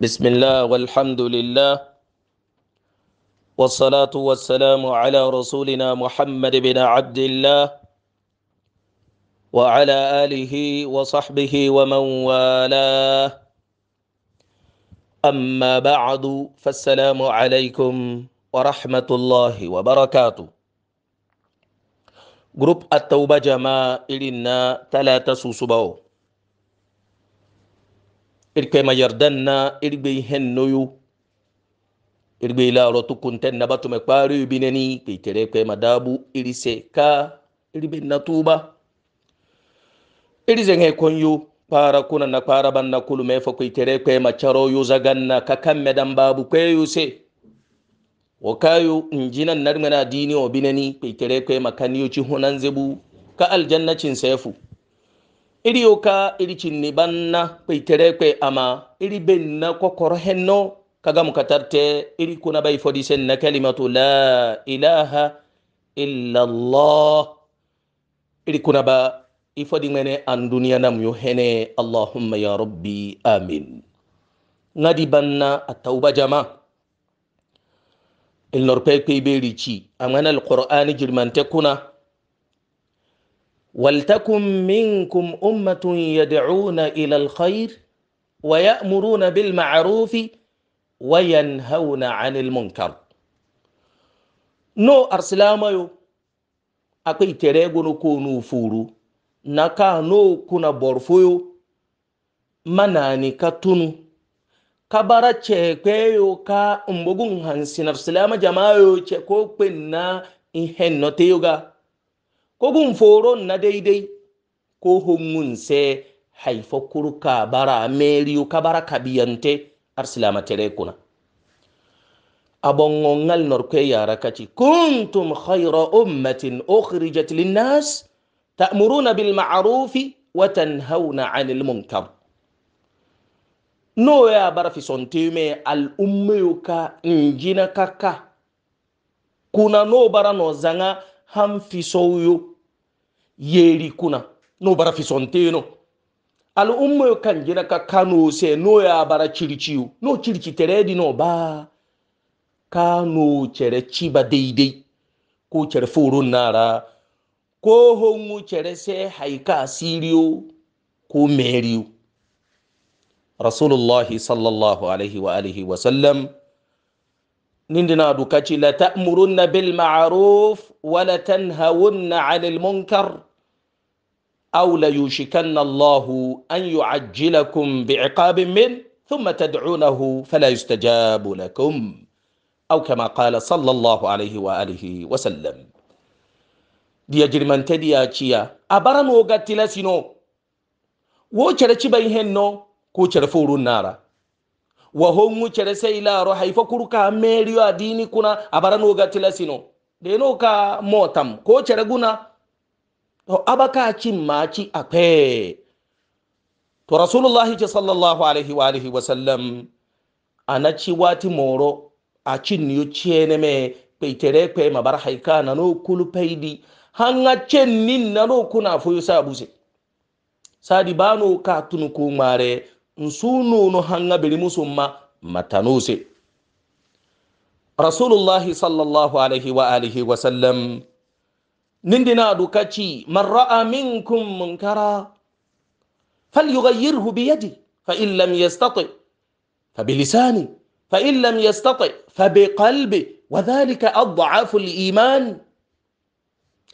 بسم الله والحمد لله والصلاة والسلام على رسولنا محمد بن عبد الله وعلى آله وصحبه ومن والاه أما بعد فالسلام عليكم ورحمة الله وبركاته جروب التوبة جماعة إلنا ثلاثة سوسبو irkema yardanna irgbe hennoyo irgbe ilaro tukunten na batume kpari bineni peitere kpema dabu irise ka irbe na tuba irizen hekon yo para kuna na para banna kulu fa mefa kuitere kpema charo yo zaganna kakamme dan babu kweyo se wa wakayo injinan narmana dini o bineni peitere kpema kaniyo ci hunan zebu ka aljannacin sefu iri oka iri cinni banna kpeitere kwe ama iri benna kokoro henno kagamu katarte iri kuna bai fodi senna kalimatu la ilaha illa allah iri kuna ba ifodi mene an duniya hene allahumma ya rabbi amin ngadi banna atauba jama ilnorpe kpe be rici amana qur'ani jirmante kuna ولتكن منكم أمة يدعون إلى الخير ويأمرون بالمعروف وينهون عن المنكر no arsilamayo akwai teregono ko nufuru na ka no kuna borfoyo manani ka tunu ka bara cekweyo ka mbogun hansinar silama jamayo ce ko kwenna ko kogun foro na daidai ko hungun se haifa kurka bara meriyu kabara kabiyante arsilama tere kuna abongon ngal norkwe yara kaci kuntum khayra ummatin ukhrijat linnas ta'muruna bil ma'ruf wa tanhauna 'anil munkar no ya bara fi sontume al ummuka injina kaka kuna no bara no zanga ham fi soyo yeri kuna no bara fisonteno al'umma kan gina ka kano se no ya bara circiu no circi teredi no ba kano cere ciba daidai ko cere furun nara ko hongu cere se haika siriyo ko meriyo rasulullah sallallahu alaihi wa alihi wa sallam nindina dukaci la ta'murunna bil ma'ruf wa la tanhawunna 'anil munkar aw la yushikanna Allahu an yu'ajjilakum bi'iqabin min thumma tad'unahu fala yustajabu lakum aw kama qala sallallahu alaihi wa alihi wa sallam diya jirmante diya ciya a tilasino wo cere ciban henno ko cere forun nara wa hongu cere sai laro haifa kurka meriyo adini kuna a barano tilasino deno ka motam ko cere guna to cin maci a fe to rasulullahi ce sallallahu alaihi wa alihi wa sallam a na ci wati moro a cin niyo ce ne me peitere kwe bar haika na no kulu peidi hanga cin nin na no kuna fuyu sa buse sadi bano ka tunu ku mare nsuno no hanga biri musumma matanuse rasulullahi sallallahu alaihi wa alihi wa sallam نندنا دوكاتشي من راى منكم منكرا فليغيره بيدي فان لم يستطع فبلساني فان لم يستطع فبقلبي وذلك اضعف الايمان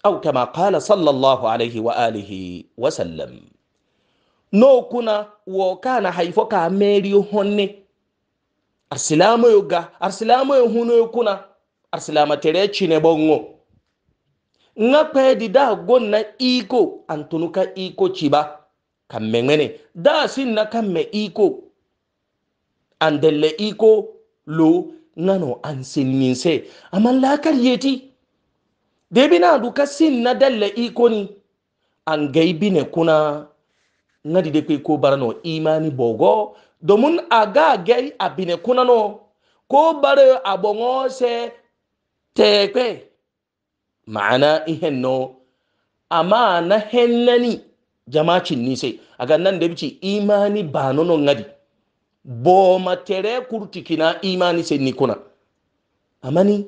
او كما قال صلى الله عليه واله وسلم نوكنا وكان حيفك ميري هوني ارسلام يوغا ارسلام يهونو يكونا ارسلام تريتشي نبونغو nga pedi da na iko antunuka iko ciba kamme ngene da sinna kamme iko andele iko lo ngano ansinninse amma lakar yeti debi na duka sinna dalle iko ni an gaibine kuna ngadi de kwe ko barano imani bogo domin a ga gai abine kuna no ko bare abongo se ma'ana ihenno amma na hennani jamacin nise aga da bici imani ba nono ngadi bo matere na imani sai ni kuna amani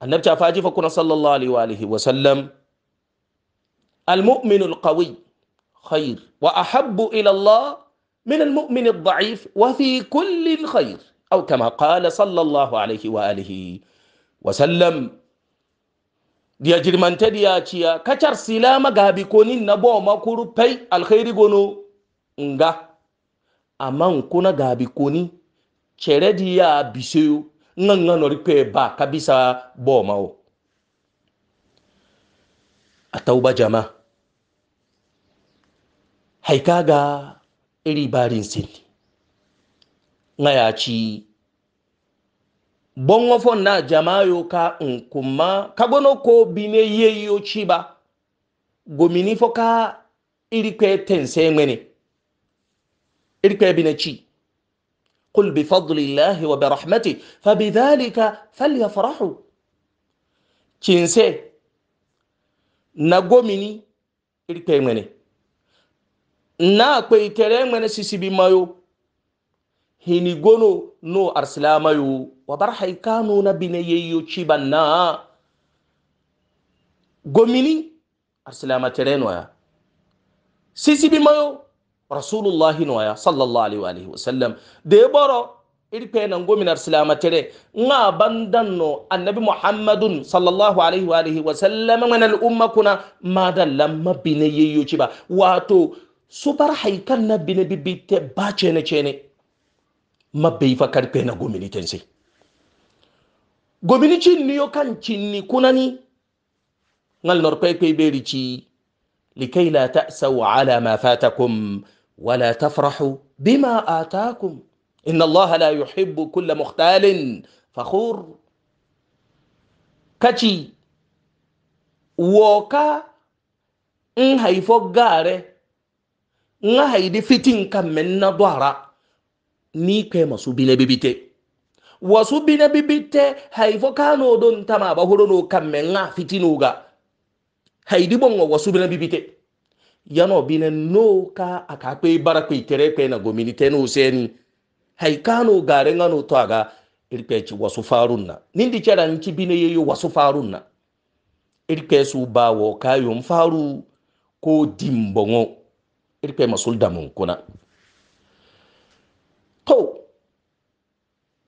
annabta faji fa kuna sallallahu alaihi wa alihi wa sallam المؤمن القوي أو كما قال صلى الله عليه وآله وسلم dia jirmanta dia ciya kacar sila gabi konin na bo makuru pai alkhairi gono nga amma kuna gabi koni cere dia biseyo nganga nori pe ba kabisa bo mawo atauba jama haikaga iri barin sin nga ya bongo fo na jamayo ka nkuma kagono ko bine yeyo ba. gomini fo ka irikwe tense ngwene irikwe bine chi قل بفضل الله وبرحمته فبذلك فليفرحوا كنسي نغوميني irikwe ngwene na kwe itere ngwene sisibi mayo hinigono no arsilamayo Wa wabar haikanu na bine yayyo ci na gomini arsilama tere noya sisi bi mayo rasulullahi noya sallallahu alaihi wa alihi wasallam da ya boro irpe nan gomini arsilama tere nga bandan annabi muhammadun sallallahu alaihi wa alihi wasallam man al umma kuna ma dallan mabine ci ba. wato su bar haikan na bine bibite ba cene cene mabbe fa karpe na gomini tensi gomini cinniyo kan cinni kunani ngal norpeypey ɓeeri ci likay la tasaw ala ma fatakum wala tafrahu bima ataakum inna allaha la يحب kulla mukhtalin fakhur kachi woka n hayfo gaare n haydi fitin kammen dwara ni kwe masu bine bibite wasu bine bibitte haifo kano don tama ba huro no kamme nga fitino ga haidi bongo wasu bine bibitte yano bine no ka aka kwe bara kwe tere kwe na gomini teno useni hai kano gare nga no twaga irpeci wasu farun na nindi chara nchi bine yeyo wasu farun na irpe su bawo kayon faru ko dimbongo irpe masul damun kuna to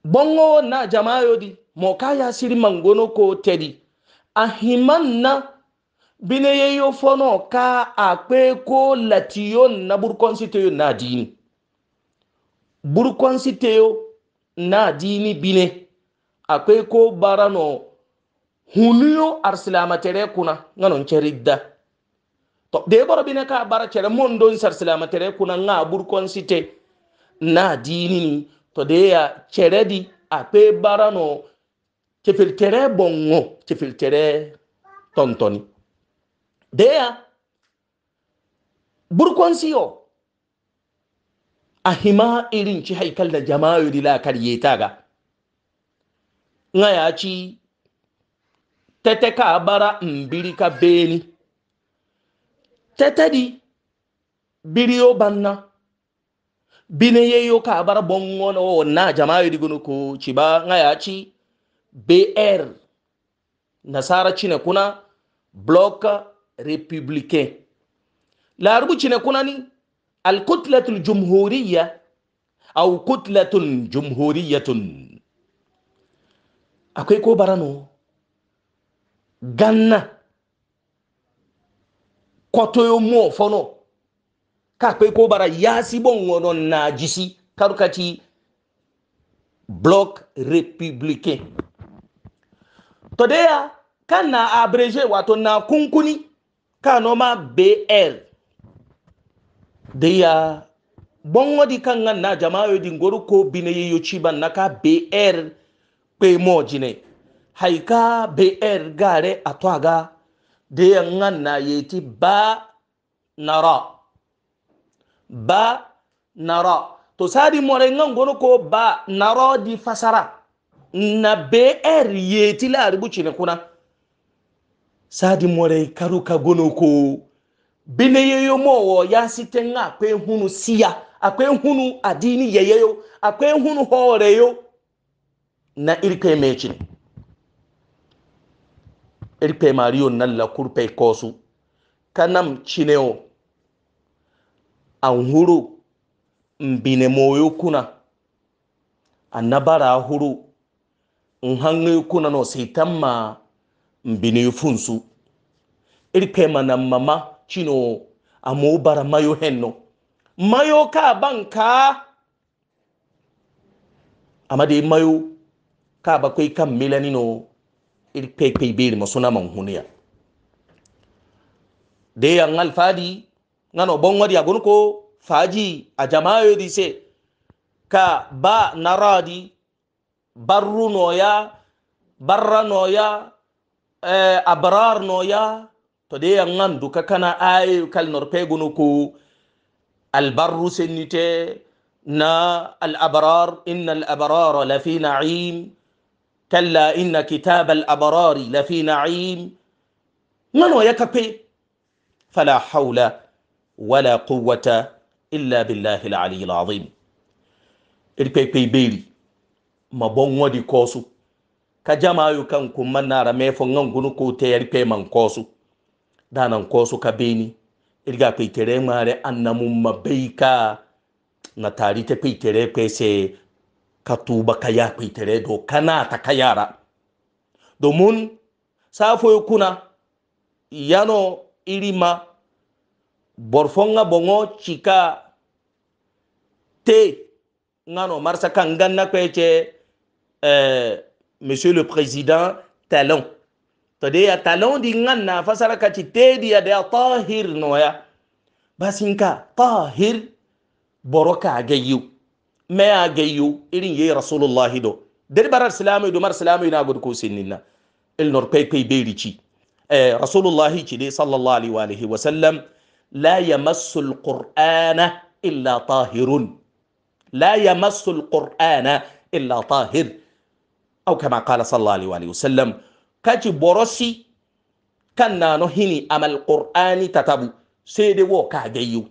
bongo na jamayo di mo kaya siri mangono ko tedi ahiman na bine yo fono ka akpe ko latiyo na burkon siteyo na dini burkon siteyo na dini bine akpe ko barano huniyo tere kuna ngano ncheridda to de bine ka bara chere mondon tere kuna nga burkon site na dini ni to de ya cheredi ape barano kefiltere bongo kefiltere tontoni de ya siyo a hima irin ci haikal da jama'u dila karye ta ga nga ya ci tete ka bara mbiri ka beni tete di biriyo banna bine yo ka bara bongono na jama'i digunu ko ciba ngaya ci br nasara ne kuna bloc républicain ci ne kuna ni kutlatul jumhuriyya aw kutlatun jumhuriyyatun akwai ko barano ganna kwato yo mo fono ka kwe ko bara yasi bon wonon na jisi karukati bloc républicain to deya kan na abrege wato na kunkuni ka noma bl deya bongo di kan ga na jama'a di ngoru ko bine yeyo ciban na ka br kpe mo jine haika br gare atwaga deya ngan na yeti ba nara ba nara to sadi more ngan gono ko ba nara di fasara na br er yeti la rubuci ne kuna sadi more karu ka gono ko bine yeyo mowo ya siten akwai hunu siya akwai hunu adini yayayo akwai hunu horeyo na irpe mecin irpe mariyo nan kurpe kosu kanam cineo an huru mbine moyo kuna annabara huru in hannu kuna no sai ma mbine funsu irpe mana mama chino amu bara mayo henno mayo ka banka amade mayo ka bakwai kan milani no irpe pe beri masuna manhuniya da yan alfadi nano bon wadi agun ko faji a jama'a di se ka ba naradi barru noya barra noya eh, abrar noya to de yangan duka kana ay kal norpe gunu ko albarru senite na al-abrar inna al-abrar la fi na'im kalla inna kitab al-abrar la fi na'im nano ya kape fala hawla wala quwwata illa billahi al-ali al beri mabon wadi kosu ka jama'ayu kan kuma na mefon nan gunu ko te yarpe man kosu danan kosu ka beni irga peitere mare annamun mabaika na tari ta peitere katuba ka tuba ka do kana ta ka yara domin safo kuna yano irima borfonga bongo chika te ngano marsa kanganna kweche eh, monsieur le président talon to de ya talon di nganna fasara ci te di ya da tahir ya basinka tahir boroka gayu me a gayu irin ye rasulullah do dari barar salamu do mar salamu na gud ko sinina il nor pay pay ci eh rasulullah ci de sallallahu alaihi wa sallam لا يمس القرآن إلا طاهر لا يمس القرآن إلا طاهر أو كما قال صلى الله عليه وآله وسلم كاجي بروسي كنا نهني أما القرآن تتبو سيدي وكا جيو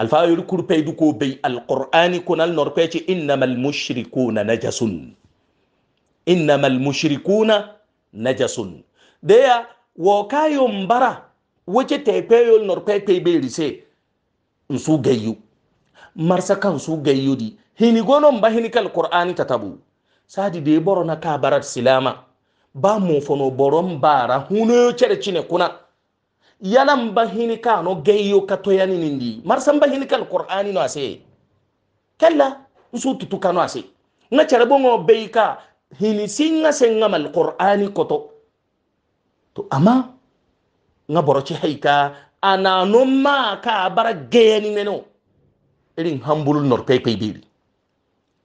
الفا يذكر بيدكو بي القرآن كنا النوربيتي إنما المشركون نجس إنما المشركون نجس ديا وكا يمبرا wace taifeyol norpepe beri se nsu gayu marsa kan su gayu di hini gonon ba hini kal qur'ani tatabu sadi de boro na kabarat silama ba mu fono boron bara huno cere cine kuna yalan ba hini ka no gayu ka to yani nindi marsan ba hini kal qur'ani no ase kalla nsu tutu kanu ase na cere bongo beika hini singa senga mal qur'ani koto to ama nga boroci haika anano ma ka bara geyani meno irin hamburul norpepe beri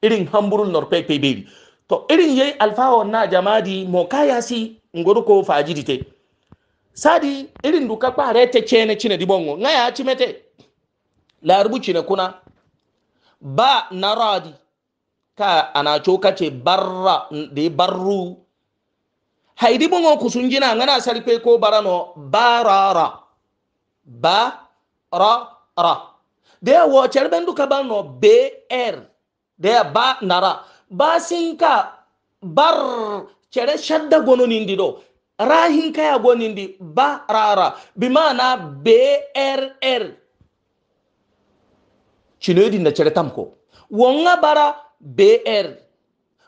irin hamburul norpepe beri to irin yayi alfawo na jamadi mo kaya si ngoru ko fajidite sadi irin duka kware te chene chine dibongo nga ya chimete larbu chine kuna ba naradi ka ana coka ce barra da barru haidi bongo kusunjina ngana saripe ko barano barara ba ra ra de wo cerbendu kabano br de ba nara ba sinka bar cere shadda gono nindi do rahin kaya di ba rara bi mana brr cinoyodin na cere tamko wonga bara br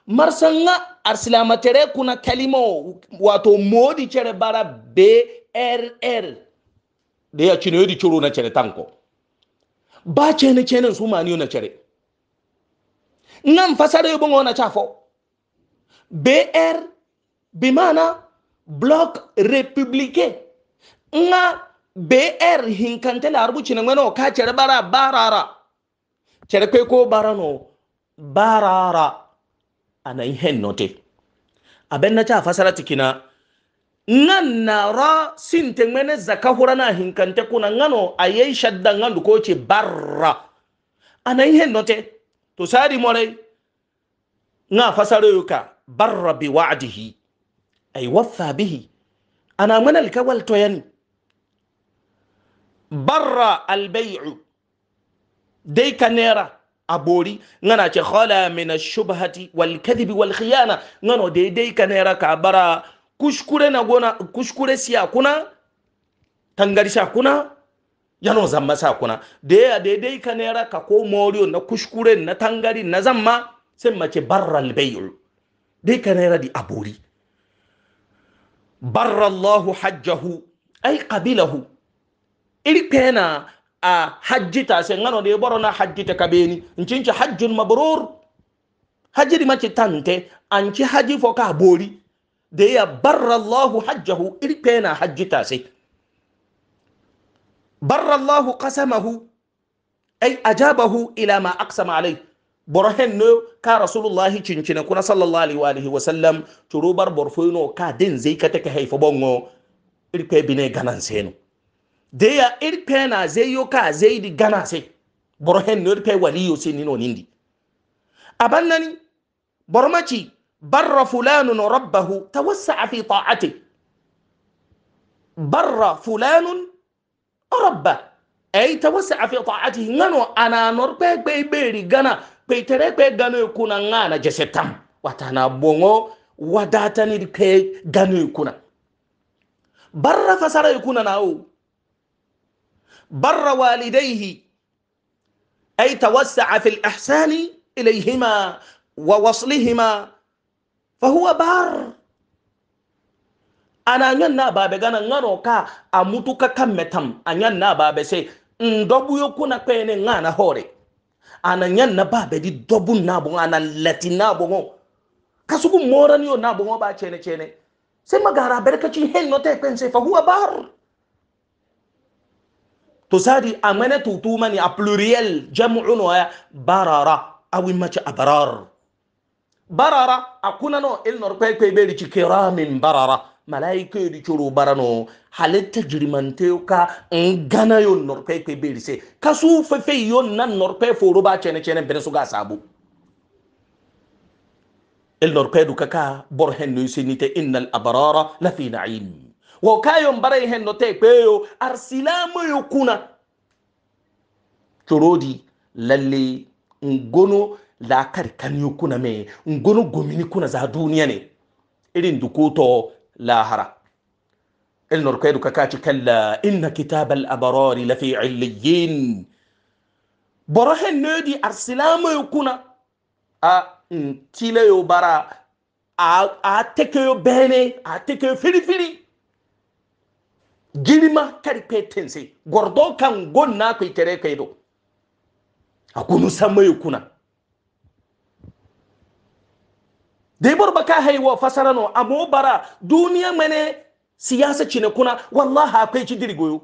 marsanga arsilamatere kuna kalimo wato modi cere bara brr da ya cinye yodi ciro na cere tanko ba cene cenen su maniyo na cere nan fasare yobon wana chafo br bimana block republike nga br hinkante la arbu cine ngweno ka cere bara barara cere kwe ko barano barara a anan hen note abin na ta fasara na nan na ra sin mene zaka na hinkante kuna ngano ayai shadda ngandu ko ce barra a anan hen note to sari more nga fasara yuka barra bi wa'dihi ay waffa bihi ana mana alkawal to ni barra albay'u dai ka abori ngana ce khala min ash-shubhati wal kadhibi wal khiyana ngano daidai ka nera ka bara kushkure na gona kushkure siya kuna tangarisha kuna yano zamma sa kuna da ya daidai kanera ka ko moriyo na kushkure na tangari na zamma sai mace barral bayul dai kanera di abori barra Allahu hajjahu ay qabilahu iri pena a hajjita se ngano de boro na hajjita kabeni ncinci hajjun mabrur haji di maci tante anci haji fo ka bori da ya barra Allahu hajjahu irpe na hajjita se barra Allahu qasamahu ay ajabahu ila ma aqsama alai, borhen no ka rasulullahi cincina kuna sallallahu alaihi wa alihi wa sallam turubar borfoino ka din zai ka take haifa bongo irpe bine ganan seno deya irpe na zeyo ka zeidi gana se boro hen no irpe waliyo se nino nindi abannani bormaci barra fulanun rabbahu tawassa'a fi ta'ati barra fulanun rabba ay tawassa'a fi ta'ati ngano ana nor pe pe beri gana pe tere pe gano kuna ngana jesetam watana bongo wadatani pe gano kuna barra fasara kuna na o بر والديه أي توسع في الإحسان إليهما ووصلهما فهو بار أنا نيان نابا بغانا نغانو كا أموتو كا كم متم أنيان نابا بسي ndobu yokuna kwene ngana hore ana nyan na babe di dobu na bo ana lati na bo kasugu moran yo na bo ba chene chene se magara berka chi hen no te pense fa huwa bar to sadi a mana tutu a pluriel jam'un waya barara awin mace a barar barara a kuna no il nor kwaikwai bai rici kiramin barara malaikai da kiro bara no halitta jirimante ka in gana bai rice ka su fafe yon nan nor kwaikwai cene cene bene su ga sabu il nor kwaikwai duka ka borhen nusinite innal abarara lafi na'im wo kayo mbare hen no te peyo arsilamo yo kuna torodi lalle ngono la karkan yo me ngono gomini kuna za duniya ne irin dukoto lahara irin norkaidu ka kaci kalla inna kitabal abarari lafi illiyin boro hen nodi arsilamo yokuna a ntile yo bara a, a teke yo bene a teke yo firifiri girma karfe tense gordo kan gonna na kai tere kai do akunu samai kuna dai burba ka haiwa fasara no amo bara duniya mene siyasa cine kuna wallahi akwai ci dirgoyo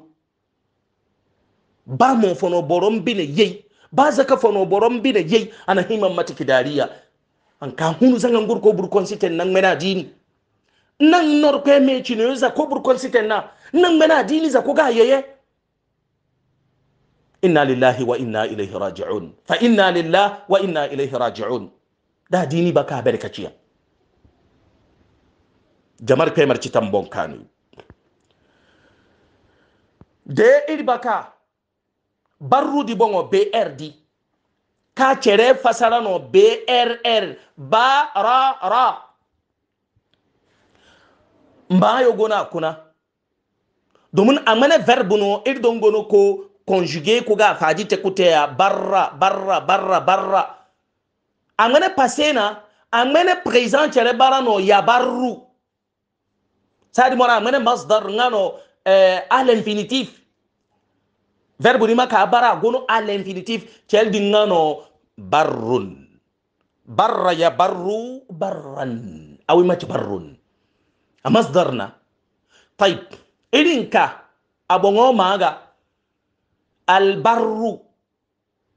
ba mon fono boron bine yei ba zaka fono boron bine yei ana himan matiki dariya an ka hunu zangan gurko burkon siten nan mena dini nan norko me cine yo za ko burkon siten na nan mena dini za ga yaye? inna lillahi wa inna ilaihi raji'un fa inna lillahi wa inna ilaihi raji'un da dini ba ka bar kaciya jamar kai marci tambon kanu da irbaka barru di bongo brd ka cere fasara no brr ba ra ra mba yo gona kuna domin a mana verb no ko conjugué ko ga te barra barra barra barra a pasena, passé na a présent chere no yabarru di mona mana masdar ngano eh, à l'infinitif verbe ni gono à l'infinitif chel di ngano barrun barra barru barran awi mati barrun a masdarna irinka abongo maga albarru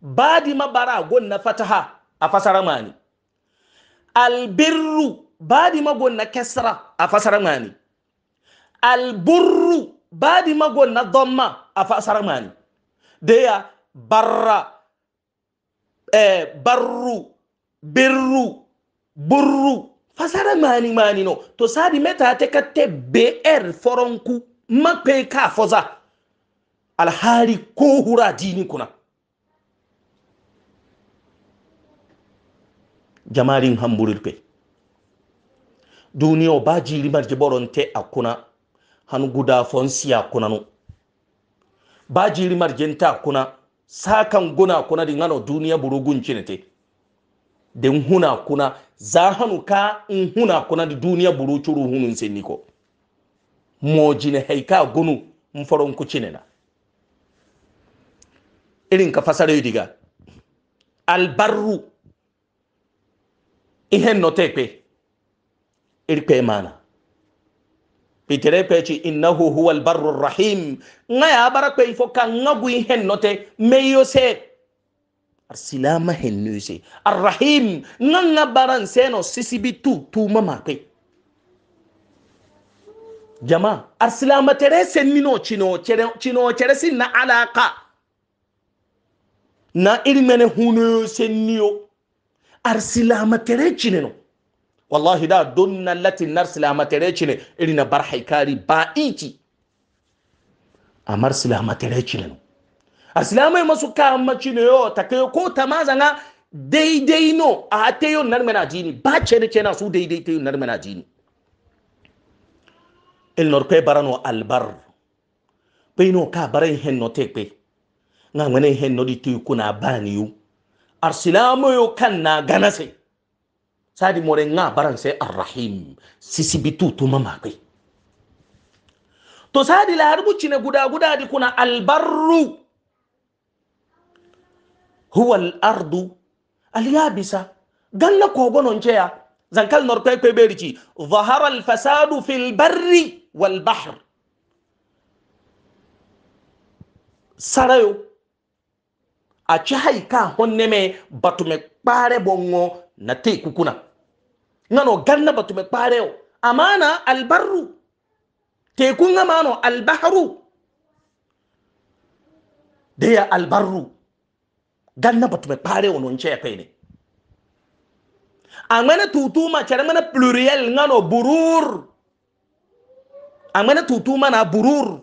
badi mabara na fataha a fasara mani albirru badi na kesara a fasara mani alburru badi na dhamma a fasara mani deya barra eh, barru birru burru fasara mani mani no to sadi meta te katte br foronku mape ka foza alhari ko hura dini kuna jamarin hamburil pe duniya ba jiri marje boronte a kuna hannu guda fonsiya kuna no ba jiri marjenta kuna sakan guna kuna din hano duniya burugun te din huna kuna za hannu ka in huna kuna da duniya buru curu hunun sai niko mojine haika gunu mfaron kucine na irin ka fasara yi diga albarru ihen no tekpe mana pitere peci innahu huhu albarru rahim ngaya bara kwe ifo ka ngagu ihen no meyo se arsilama hennuse arrahim nganga baran seno sisibi tu tu mama kpe. jama arsilamatere sennino cinocere sin na alaka na irimene hunoyo senniyo arsilamatere no wallahi da don na latin arsilamatere cine irina barhay kari ba ici ama arsilamatere cineno arsilamai e masu kama cineyo takayo ko tamazanga daidai no a teyo narmena jini ba cene cena su daidai teyo narmena jini il nor kwe barano albar pe no ka baran hen no tekpe na ngane hen no ditu kuna bani yu arsilamu yo kan na ganase sadi more nga baran se arrahim sisi bitu tu mama kwe to sadi la harbu cine guda guda di kuna albarru huwa al-ardu al-yabisa galla kogonon ceya zankal norpe kwe berici zahara al-fasadu fil barri wal bahr sarayo a ci haika honne me kpare bongo na te kukuna ngano ganna batume kpare amana albarru tekun amano albaharu da ya albarru ganna kpare ne a mana tutuma cere mana ngano burur a amene tutu mana burur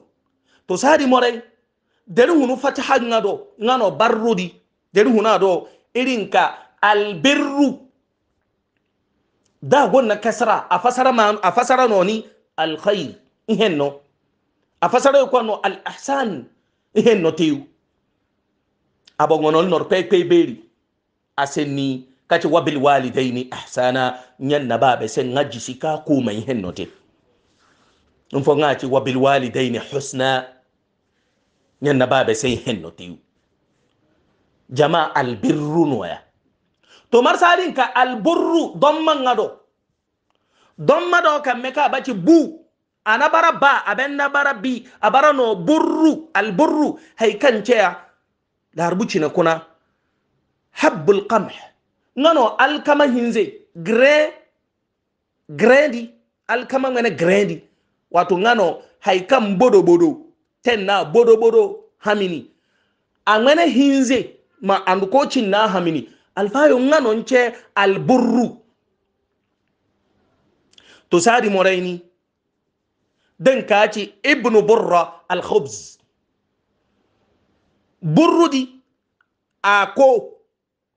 to sadi more deri hunu fataha ngado ngano barrudi deri hunu irin ka albirru da gonna kasra a fasara ma a fasara noni alkhair ihenno a fasara ko no al ihsan ihenno teyu abogonol nor pepe beri asenni kati wabil walidaini ihsana nyanna babe sen ngajisika kuma ihenno teyu n fo ŋa ci wabil ni husna nyen na babe sai hen no tiu jama albirru noya to mar salin ka alburru don man do don mado kan me ka baci bu ana bara ba aben na bara bi a bara no burru alburru hay kan ceya larbuci na kuna habbul qamh ngano alkama hinze gre grandi alkama ngana grandi wato ngano haikan bodo bodo ten na bodo bodo hamini angane hinze ma andukocin na hamini alfayo ngano nche alburru to sari moraini dan kaci ibnu burra alkhubz burru di a ko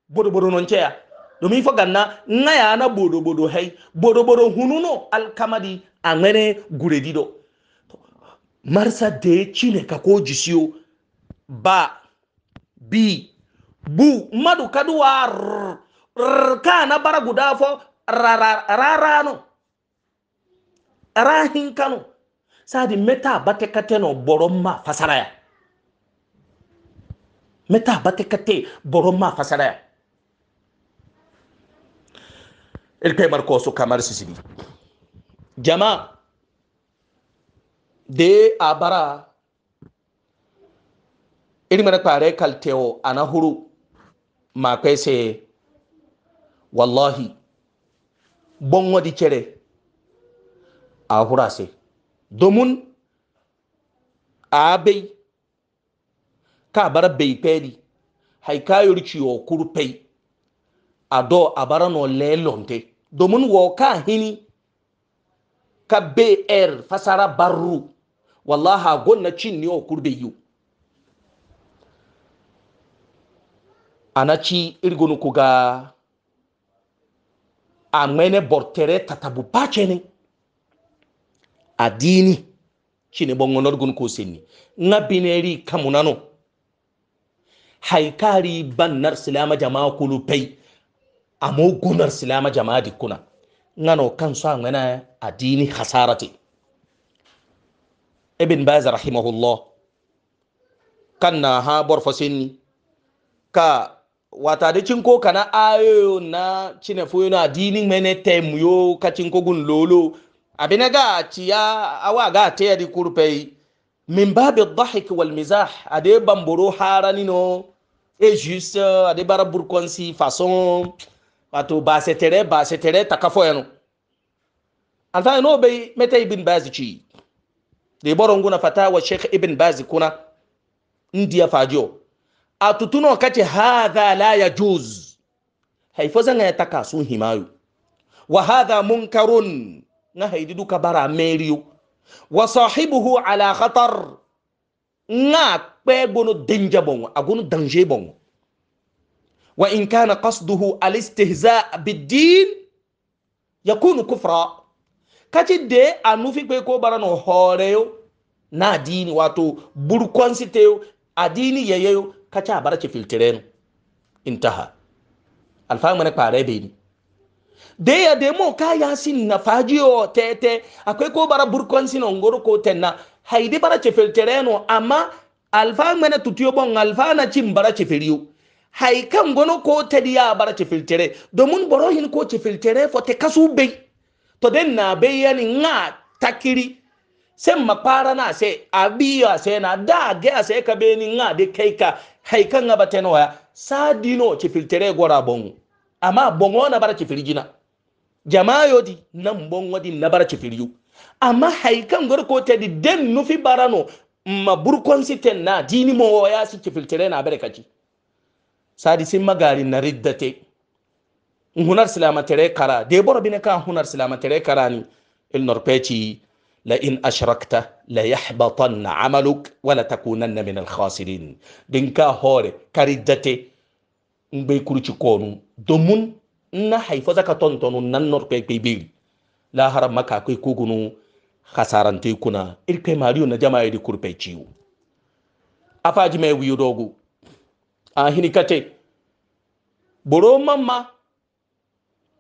bodo bodo non ya domin ganna ngaya na bodo bodo hai bodo bodo hununo alkamadi a ang'wene gure dɔ marisa dee cinɛ ka o jisio ba bi bu madu kaduwa rrr ka na bara guda afọ rararanu rahin kano sadi meta batekate no boro ma fasara ya meta batekate boro ma fasara ya ilkai marko su kamar su sibi jama de abara, bara irimar kpare kaltewo a huru ma kwese wallahi bongo di chere, a hura se domin a bai ka bar bai peri haikayar ciwo kurfai a do a bara no lelonte domun wo ka hini ka br fasara barru wallaha gonna cin ni o kurbe yu anaci irgonu kuga a mene bortere tatabu pace ne adini cine bongonor gun ko senni nga bineri kamunano haikari bannar silama jama'a kulu pay amo gunar silama jama'a dikuna ngano kanso angwena adini khasarati ibn baz rahimahullah kanna ha bor fosinni ka wata da cinko kana ayoyo na cine fuyo na adini mene tem yo ka cinko gun lolo abina ga ciya awa ga ta yadi kurpei min babi dhahik wal mizah ade bamboro harani no e juste ade bara burkonsi façon wato ba se tere ba se tere ta kafo yanu alfa no bai meta ibn baz chi de boron guna fatawa sheikh ibn baz kuna ndiya fajo atutuno kache hadha la yajuz haifo zanga ya taka sun himayu wa hadha munkarun nga haididu kabara bara wa sahibuhu ala khatar nga pegono gono danger bon agono danger bongo wa in kana qasduhu alistihza biddin yakunu kufra kati de anu fi pe ko barano yo na dini wato burkwansi yo adini yeye yayeyo kati a barace filtireno intaha alfa alfahamu ne kware ni de ya demo ka ya sin na faji yo tete akwe ko bara burkwansi na ngoro ko tenna haidi bara barace no. ama alfa ne tutiyo bon alfa na cin barace filiyo haikan gono ko diya bara ci filtere domin borohin ko ci filtere fo te kasu bai to den na bai yani nga takiri ma mapara na se abiya se na da a se ka be ni nga de kai ka haikan ga baten waya sadino ci filtere gora bon amma bongo na bar ci firjina jama'a yodi nan bongo na bar ci amma haikan gor ko di den nufi barano ma burkon siten na dini mo waya su ci filtere na sadi simma gari na riddate hunar silamatere kara de boro ka hunar silamatere kara ni il norpeci la in ashrakta la na amaluk wala takunanna min al khasirin din ka hore kariddate bai kuruci konu domin na haifa zaka tontonu nan norpeci bi la haram maka kai kugunu khasarante kuna irkai mariyo na jama'a di kurpeci afaji mai wiyo dogo a hinikate buru mamma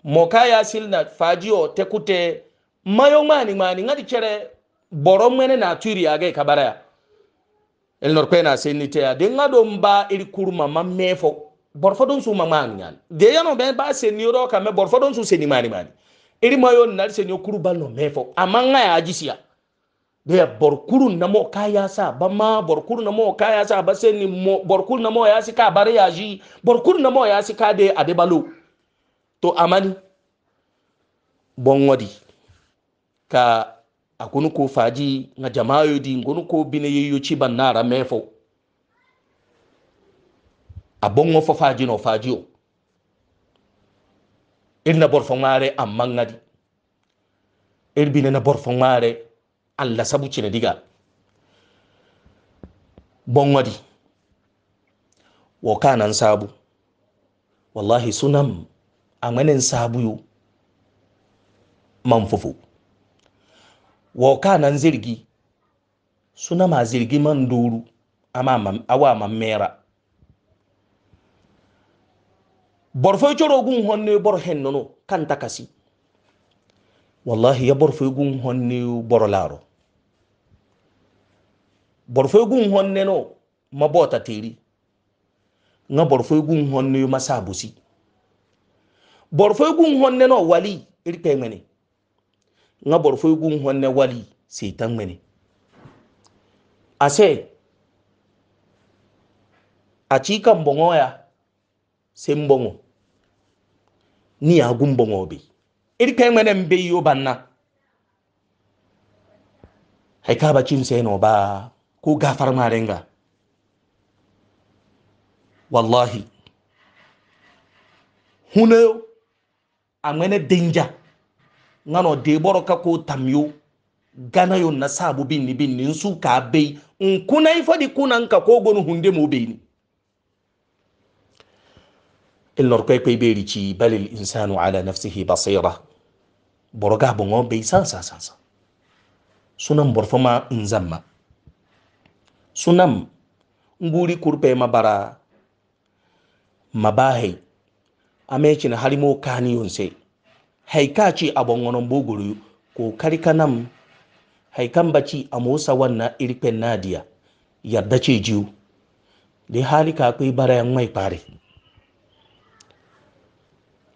moka ya silna fajio tekute mayo mani mani ngadi chere boro mene na turi age kabara ya el norpe na senite ya dinga do mba iri kurma mamefo borfo don su mamani ngan de no ben ba senioro kame borfo don su seni mani mani iri mayo na senioro kurba no mefo amanga ya ajisia da borkurun na mo kaya sa ba ma borkurun na mo kaya sa ba sai ni mo borkurun na mo ya sika bare ya ji borkurun na mo ya sika de adebalo to amani bonwadi ka akunu ko faji na jamayo di ngunu ko bine yeyo ci bannara mefo abongo fo faji no faji o irna borfo ngare amman ngadi irbine na borfo ngare alla sabu cine diga bonwadi wo sabu wallahi sunan amanin sabu yo man fufu wo kanan zirgi sunama zirgi man duru ama awa man mera borfoy corogun honne bor hen nono kan takasi wallahi ya borfoy gun honne boro laro borfoy gun honne no mabota teri nga borfoy gun honne masa busi borfoy gun honne no wali irke mene nga borfoy gun honne wali setan mene ase a cika mbongo ya sai mbongo ni a gun mbongo bi irke mene mbe yo banna haika bacin sai no ba ko gafar marenga wallahi hune a mene denja ngano deboro ka ko tamyo gana yo na sabu binni binni nsu ka bei nkuna ifadi kuna nka ko gonu hunde mo beini ilnor koy koy beri ci balil insanu ala nafsihi basira boroga bongo bei sansa sansa sunan borfama nzamma sunam nguri kurpe mabara mabahe na harimo kani yonse haikaci abon wonon ko karikanam haikan baci a motsa wannan irpen nadia yarda ce jiyu da hali ka barayan mai fare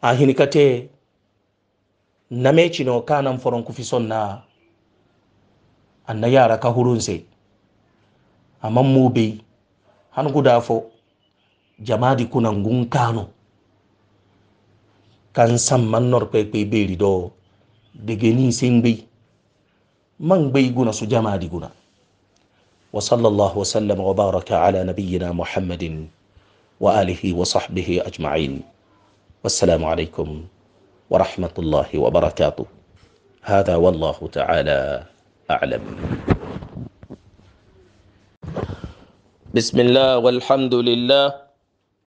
a hinikate na mecino kanan foron kufi son na anna yara ka hurunse amma mu be han guda fo jamadi kuna ngun kano kan sam man nor pe pe beri do de geni sen be man be guna su jamadi guna wa sallallahu wa sallam wa baraka ala nabiyyina muhammadin wa alihi wa sahbihi ajma'in wassalamu alaikum wa rahmatullahi wa barakatuh هذا والله تعالى اعلم بسم الله والحمد لله